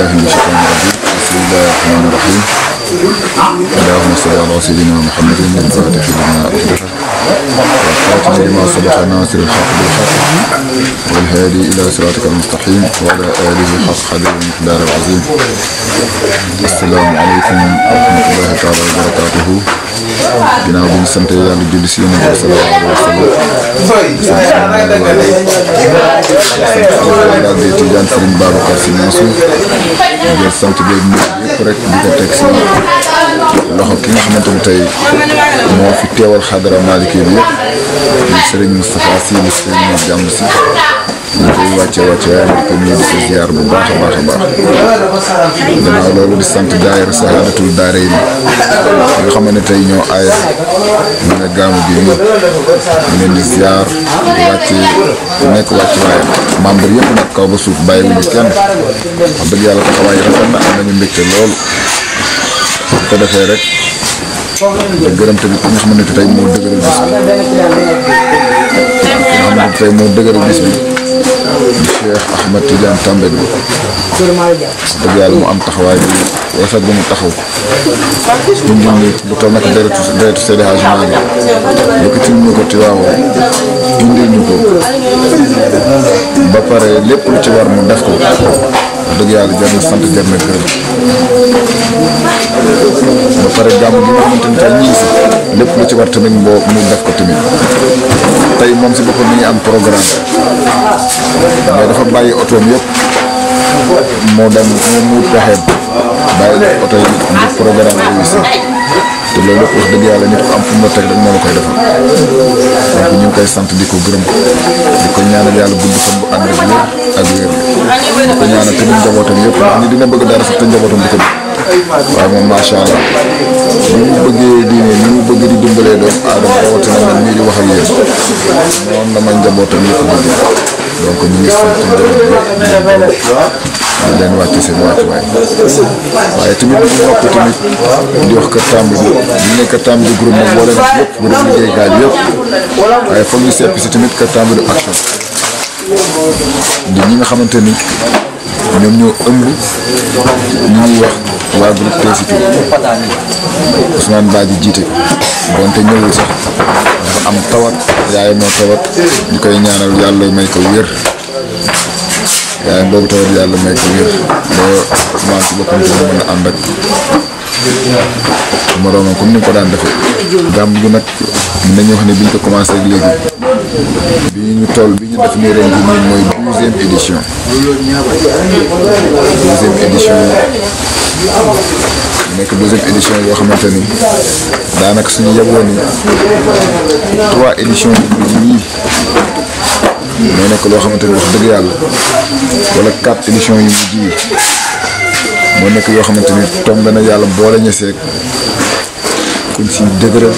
الله من الشيطان الرجيم بسم الله الرحمن الرحيم اللهم صل على سيدنا محمد الفاتح لما أغلق ناصر الحق بالحق والهادي إلى صراطك المستقيم وعلى آله حق قدر العظيم السلام عليكم ورحمة الله تعالى وبركاته جنا بن سنت sant yàlla julli si yonent bi loxo ki nga xamante ni tey moo fi teewal xadara Malikia bi yëpp di sëriñ Moustapha Sy di sëriñ Mor Jàmm Sy ñu koy wàcce wàcce waaye di a baax nga ne tey ñoo aaya ñu ne gaamu nekk wàcce waaye membre yëpp nag kaw ba suuf bàyyi wuñu kenn wax dëgg yàlla taxawaay rafet na am nañu mbégte loolu su ko defee rek te gërëm tamit ki nga xam ne tey moo dëgëral bis bi nga xam ne tey moo bi di yàlla mu am taxawaay bi rafet bu mu taxaw ñu ngi nii lu toll nag deretu deretu Seydi Hadji Malick lu ko ci ñu ko tiwaawoo pare lépp lu ci mu def ko wax dëgg yàlla jar sant jar na gërëm ba pare gàmm gi nga xamante ni tey ñu lépp lu ci war tamit mboo mu def ko tamit tey moom si boppam mi ngi am programme mais dafa bàyyi otoom yëpp moo dem mu mu wut pexeem bàyyi oto yi programme bi te loolu lépp dëgg yàlla nit ku am fu mu teg rek moo la koy defal donc ñu ngi koy sant di ko gërëm di ko ñaanal yàlla gudd fan bu ànd ak wér ak wér di ko ñaanal tamit njabootam yëpp ndax ñi dina bëgg dara sax te njabootam di ko waaye moom macha allah ni mu bëggee diine ni mu bëgg di dimbalee doomu aadama rawatina man mii di wax ak yéen noonu la ma njabootam yëpp bëgg ñu ngi sant njabootam yëpp waaye tamit bu ñu tamit di wax Kër bi ñu ne Kër Tamba bi groupe moom boole na yëpp bu def liggéeykaay bi yëpp waaye foog ñu sepp si tamit Kër Tamba du action di ñi nga xamante ni ñoom ñoo ëmb ñu ñuy wax waa groupe TCP Ousmane Badji jiite donte ñëwul sax dafa am tawat yaay moo tawat ñu koy ñaanal yàlla may ko wér yaay boobu tamit yàlla may ko wér ba maa ci boppam ci mën a ànd ak moroomam comme ni ko daan defee. gàmm gi nag nañu wax ne biñ ko commencé ak léegi bi ñu toll bi ñu def nii ren ji nii mooy douzième édition douzième édition nekk deuxième yoo xamante ni daanaka suñu yeboon trois éditions yi moo nekk loo xamante ni wax dëgg yàlla wala quatre éditions yu mujj yi moo nekk yoo xamante ni tombé na yàlla boole ñu seeg kuñ siy dëgëral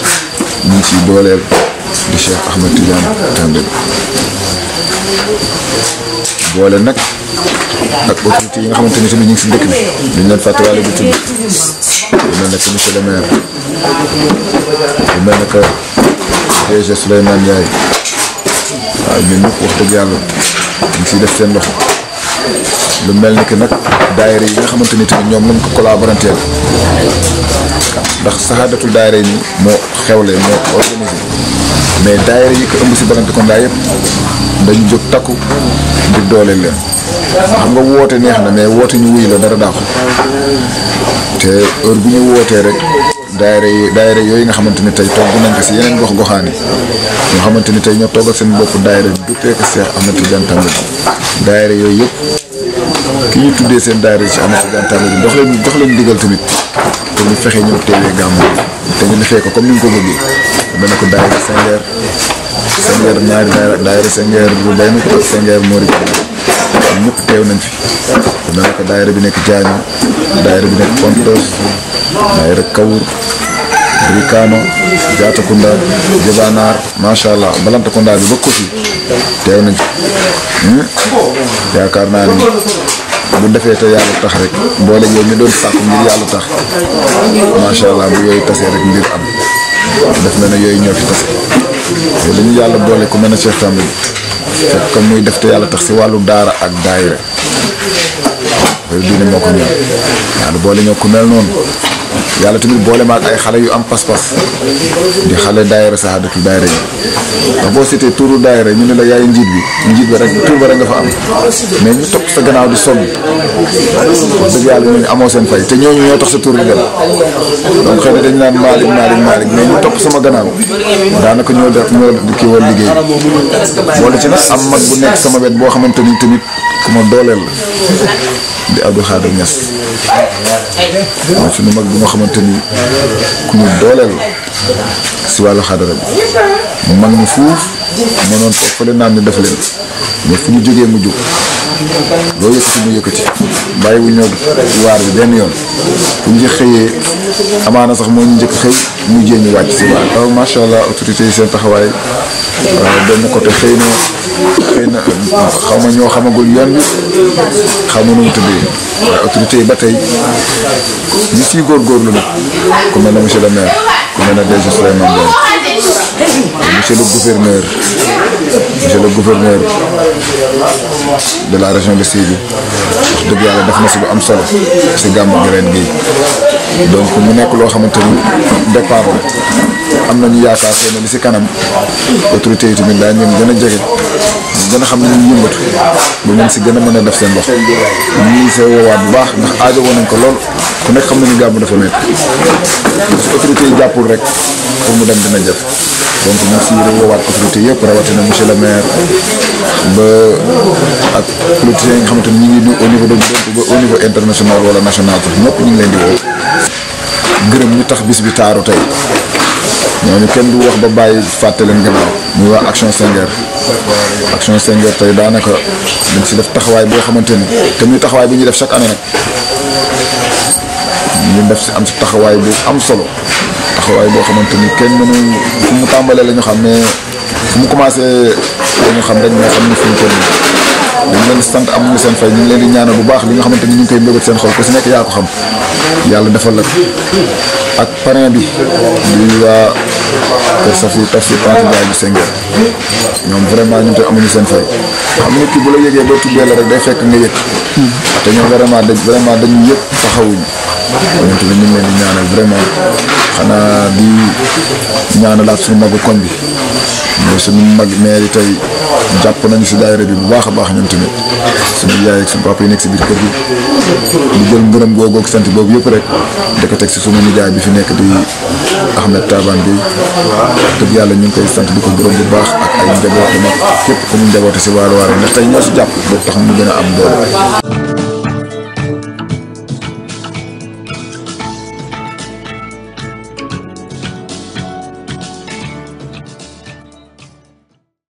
ñu ngi siy dooleel di Cheikh Ahmed Tidiane Tandé boole nag ak autorités yi nga xamante ni tamit ñu ngi si dëkk bi ñu leen fàttaliwaale bu tudd lu mel ne que monsieur le maire lu mel ne que DG Souleymane waaw ñun ñëpp wax dëgg yàlla ñu ciy def seen loxo lu mel ni que nag daayira yi nga xamante ni tamit ñoom lañ ko collaboranteel ndax saxaadatul daayira yi nii moo xewle moo organisé mais daayira yi ko ëmb si Balante Kondaa yëpp dañu jóg takku ngir dooleel leen xam nga woote neex na mais woote ñu wuy la dara daaxul te heure bu ñu wootee rek. daayira yi daayira yooyu nga xamante ni tey togg nañ ko si yeneen gox goxaan yi nga xamante ni tey ñoo toggal seen bopp daayira duppee ko Seex Amadu Tijaan Tambadou daayira yooyu yëpp ki ñu tuddee seen daayira si Amadu Tijaan Tambadou dox leen dox leen digal tamit pour ñu fexe ñëw teewee gàmmu te ñu defee ko comme ni ñu ko bëggee dana ko daayira Sengeer Sengeer ñaari daayira daayira Sengeer bu bay na ko ak Sengeer Mori ñëpp teew nañ fi dana ko daayira bi nekk Jaañu daayira bi nekk Pontos daayira Kawur Rikaano Jaatakounda Jëbaanaar macha allah Balantakounda bi ba Kofi teew nañ hmm? yaakaar naa ni bu defee te yàlla tax rek mboole yow ñu doon sàkku ngir yàlla tax macha allah bu yooyu tasee rek ngir am def na ne yooyu ñoo fi tase te li yàlla boole ku mel ne Cheikh Tamba fekk comme muy def te yàlla tax si wàllu daara ak daayira loolu diine moo ko ñor yàlla ku mel noonu yàlla tamit boole ma ak ay xale yu am pas-pas di xale daayira saxaadatul daayira yi ndax boo seetee tuuru daayira ñu ne la yaay njiit bi njiit bi rek tur ba rek nga fa am mais ñu sa gannaaw di sonn wax dëgg yàlla ñu amoo seen fay te ñooñu ñoo tax sa tur di dem donc xëy dañ naan maalik maalik maalik mais ñu topp sama gannaaw daanaka ñoo def ñoo kii war liggéey boole ci mag bu nekk sama wet boo xamante ni tamit ku ma dooleel la di Abdou Khadre Niass mooy suñu mag bi nga xamante ni ku ñu dooleel si wàllu xadara bi mag ñu fuuf mënoon toog fële naan ni def leen mais fu ñu jógee mu jóg loo yëkkati mu yëkkati bàyyi wu ñoo waar bi benn yoon bu ñu xëyee amaana sax moo ñu njëkk xëy ñu jéem ñu wàcc si waaw macha allah autorité yi seen taxawaay benn côté xëy na xëy na xaw ma ñoo xamagul yoon bi xaw ma nu mu tëddee waaye autorité yi ba tey ñu siy góorgóorlu nag ku mel ne monsieur le maire ku mel ne DG Souleymane Ndiaye monsieur le gouverneur monsieur le gouverneur de la région de Sédhiou wax dëgg yàlla def na si lu am solo si gàmmu gi ren gi donc mu nekk loo xamante ni départ am na ñu yaakaar xëy na li si kanam autorité yi tamit daañu leen gën a jege gën a xam ne ñu yëmbatu ba mën si gën a mën a def seen bopp ñu ngi see woowaat bu baax ndax aajo woon nañ ko lool ku nekk xam na ñu gàmmu dafa métti su autorité yi jàppul rek pour mu dem dina jëf donc ñu si woowaat autorité yëpp rawatina monsieur le maire ba ak politiciens yi nga xamante ni ñu ngi au niveau de ba au niveau international wala national sax ñëpp ñu ngi leen di woo gërëm ñu tax bis bi taaru tey ñooñu kenn du wax ba bàyyi fàtte leen gannaaw muy waa action Senghor action Senghor tey daanaka dañ si def taxawaay boo xamante ni te muy taxawaay bi ñuy def chaque année nag ñu def si am si taxawaay bu am solo taxawaay boo xamante ni kenn mënu fu mu tàmbalee la ñu xam ne fu mu commencé la ñu xam rek moo xam ne fu mu toll dañ leen sant amuñu seen fay ñu ngi leen di ñaanal bu baax li nga xamante ni ñu ngi koy mbébét seen xol ku si nekk yaa ko xam yàlla defal la ak parrain bi di waa Kër Safou Tafsir Tanti Ndiaye bu Senghor ñoom vraiment ñun te amuñu seen fay xam nga kii bu la yëgee boo tuddee la rek day fekk nga yëg te ñoom vraiment dañ vraiment dañu yëg taxawuñu ñun tamit ñu ngi leen di ñaanal vraiment xanaa di ñaanalaat suñu magu koñ bi mais suñu mag maire yi tey jàpp nañu si daayira bi bu baax a baax ñoom tamit suñu yaay ak suñu papa nekk si biir kër gi. di jël ngërëm googu ak sant boobu yëpp rek di teg si suñu nijaay bi fi nekk di Ahmed Taban bi dëgg yàlla ñu ngi koy sant di ko gërëm bu baax ak ay njabootu mag képp ku ñu njabootu si waar waar ndax tey ñoo si jàpp boobu tax mu gën a am doole.